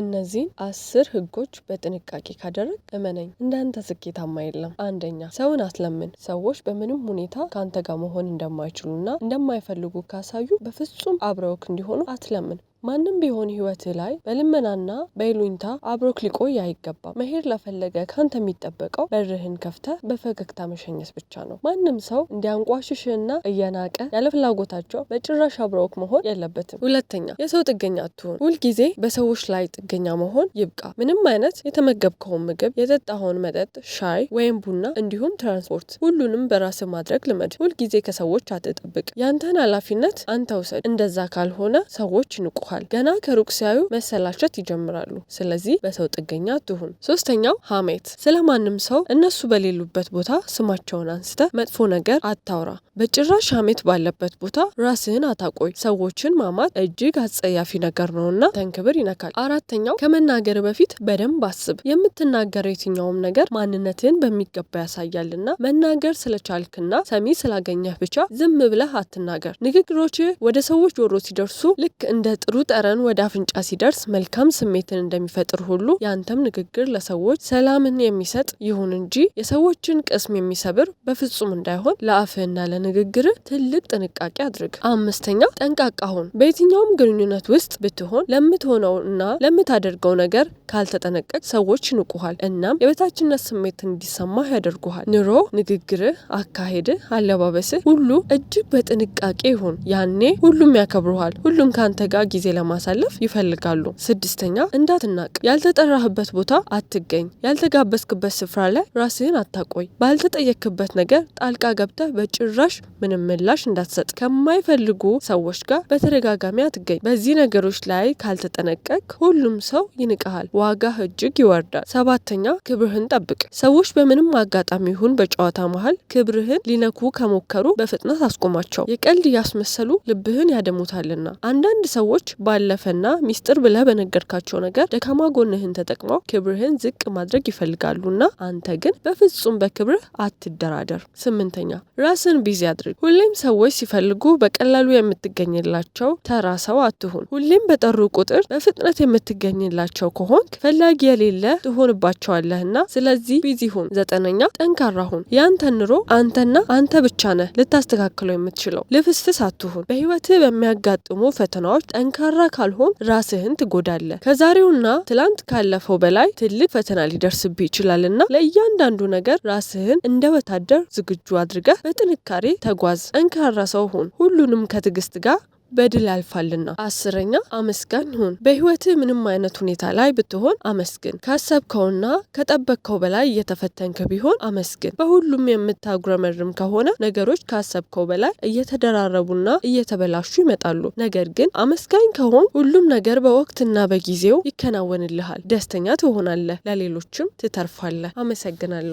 እነዚህን አስር ህጎች በጥንቃቄ ካደረግ እመነኝ እንዳንተ ስኬታማ የለም። አንደኛ ሰውን አስለምን። ሰዎች በምንም ሁኔታ ከአንተ ጋር መሆን እንደማይችሉና እንደማይፈልጉ ካሳዩ በፍጹም አብረውክ እንዲሆኑ አትለምን። ማንም ቢሆን ህይወት ላይ በልመናና በይሉኝታ አብሮክ ሊቆይ አይገባም። መሄድ ለፈለገ ካንተ የሚጠበቀው በርህን ከፍተህ በፈገግታ መሸኘት ብቻ ነው። ማንም ሰው እንዲያንቋሽሽና እየናቀ ያለ ፍላጎታቸው በጭራሽ አብረውክ መሆን የለበትም። ሁለተኛ የሰው ጥገኛ አትሁን። ሁልጊዜ በሰዎች ላይ ጥገኛ መሆን ይብቃ። ምንም አይነት የተመገብከውን ምግብ፣ የጠጣኸውን መጠጥ፣ ሻይ ወይም ቡና እንዲሁም ትራንስፖርት፣ ሁሉንም በራስህ ማድረግ ልመድ። ሁልጊዜ ከሰዎች አትጠብቅ። ያንተን ኃላፊነት አንተ ውሰድ። እንደዛ ካልሆነ ሰዎች ይንቁሃል። ያስፈልጉሃል። ገና ከሩቅ ሲያዩ መሰላቸት ይጀምራሉ። ስለዚህ በሰው ጥገኛ ትሁን ሶስተኛው ሀሜት። ስለ ማንም ሰው እነሱ በሌሉበት ቦታ ስማቸውን አንስተ መጥፎ ነገር አታውራ። በጭራሽ ሀሜት ባለበት ቦታ ራስህን አታቆይ። ሰዎችን ማማት እጅግ አጸያፊ ነገር ነውና ተንክብር ይነካል። አራተኛው ከመናገር በፊት በደንብ አስብ። የምትናገር የትኛውም ነገር ማንነትህን በሚገባ ያሳያልና መናገር ስለቻልክና ሰሚ ስላገኘህ ብቻ ዝም ብለህ አትናገር። ንግግሮችህ ወደ ሰዎች ጆሮ ሲደርሱ ልክ እንደ ጥሩ ጠረን ወደ አፍንጫ ሲደርስ መልካም ስሜትን እንደሚፈጥር ሁሉ የአንተም ንግግር ለሰዎች ሰላምን የሚሰጥ ይሁን እንጂ የሰዎችን ቅስም የሚሰብር በፍጹም እንዳይሆን ለአፍህና ለንግግር ትልቅ ጥንቃቄ አድርግ። አምስተኛ ጠንቃቃ ሁን። በየትኛውም ግንኙነት ውስጥ ብትሆን ለምትሆነው እና ለምታደርገው ነገር ካልተጠነቀቅ ሰዎች ይንቁሃል፣ እናም የበታችነት ስሜት እንዲሰማህ ያደርጉሃል። ኑሮ፣ ንግግርህ፣ አካሄድህ፣ አለባበስህ ሁሉ እጅግ በጥንቃቄ ይሁን። ያኔ ሁሉም ያከብሩሃል፣ ሁሉም ከአንተ ጋር ጊዜ ጊዜ ለማሳለፍ ይፈልጋሉ። ስድስተኛ እንዳትናቅ፣ ያልተጠራህበት ቦታ አትገኝ፣ ያልተጋበዝክበት ስፍራ ላይ ራስህን አታቆይ፣ ባልተጠየክበት ነገር ጣልቃ ገብተህ በጭራሽ ምንም ምላሽ እንዳትሰጥ፣ ከማይፈልጉ ሰዎች ጋር በተደጋጋሚ አትገኝ። በዚህ ነገሮች ላይ ካልተጠነቀቅ ሁሉም ሰው ይንቀሃል፣ ዋጋህ እጅግ ይወርዳል። ሰባተኛ ክብርህን ጠብቅ። ሰዎች በምንም አጋጣሚ ይሁን በጨዋታ መሀል ክብርህን ሊነኩ ከሞከሩ በፍጥነት አስቆማቸው። የቀልድ እያስመሰሉ ልብህን ያደሙታልና። አንዳንድ ሰዎች ባለፈና ሚስጥር ብለህ በነገርካቸው ነገር ደካማ ጎንህን ተጠቅመው ክብርህን ዝቅ ማድረግ ይፈልጋሉና አንተ ግን በፍጹም በክብርህ አትደራደር። ስምንተኛ ራስን ቢዚ አድርግ። ሁሌም ሰዎች ሲፈልጉ በቀላሉ የምትገኝላቸው ተራ ሰው አትሁን። ሁሌም በጠሩ ቁጥር በፍጥነት የምትገኝላቸው ከሆንክ ፈላጊ የሌለ ትሆንባቸዋለህና ስለዚህ ቢዚ ሁን። ዘጠነኛ ጠንካራ ሁን። ያንተ ኑሮ አንተና አንተ ብቻ ነህ ልታስተካክለው የምትችለው። ልፍስፍስ አትሁን። በህይወትህ በሚያጋጥሙ ፈተናዎች ጠንካ ጠንካራ ካልሆን ራስህን ትጎዳለህ። ከዛሬውና ትላንት ካለፈው በላይ ትልቅ ፈተና ሊደርስብህ ይችላልና ለእያንዳንዱ ነገር ራስህን እንደ ወታደር ዝግጁ አድርገህ በጥንካሬ ተጓዝ። ጠንካራ ሰው ሁን። ሁሉንም ከትዕግስት ጋር በድል ያልፋልና። አስረኛ አመስጋኝ ሁን። በህይወትህ ምንም አይነት ሁኔታ ላይ ብትሆን አመስግን። ካሰብከውና ከጠበቅከው በላይ እየተፈተንክ ቢሆን አመስግን። በሁሉም የምታጉረመርም ከሆነ ነገሮች ካሰብከው በላይ እየተደራረቡና እየተበላሹ ይመጣሉ። ነገር ግን አመስጋኝ ከሆን ሁሉም ነገር በወቅትና በጊዜው ይከናወንልሃል፣ ደስተኛ ትሆናለህ፣ ለሌሎችም ትተርፋለህ። አመሰግናለሁ።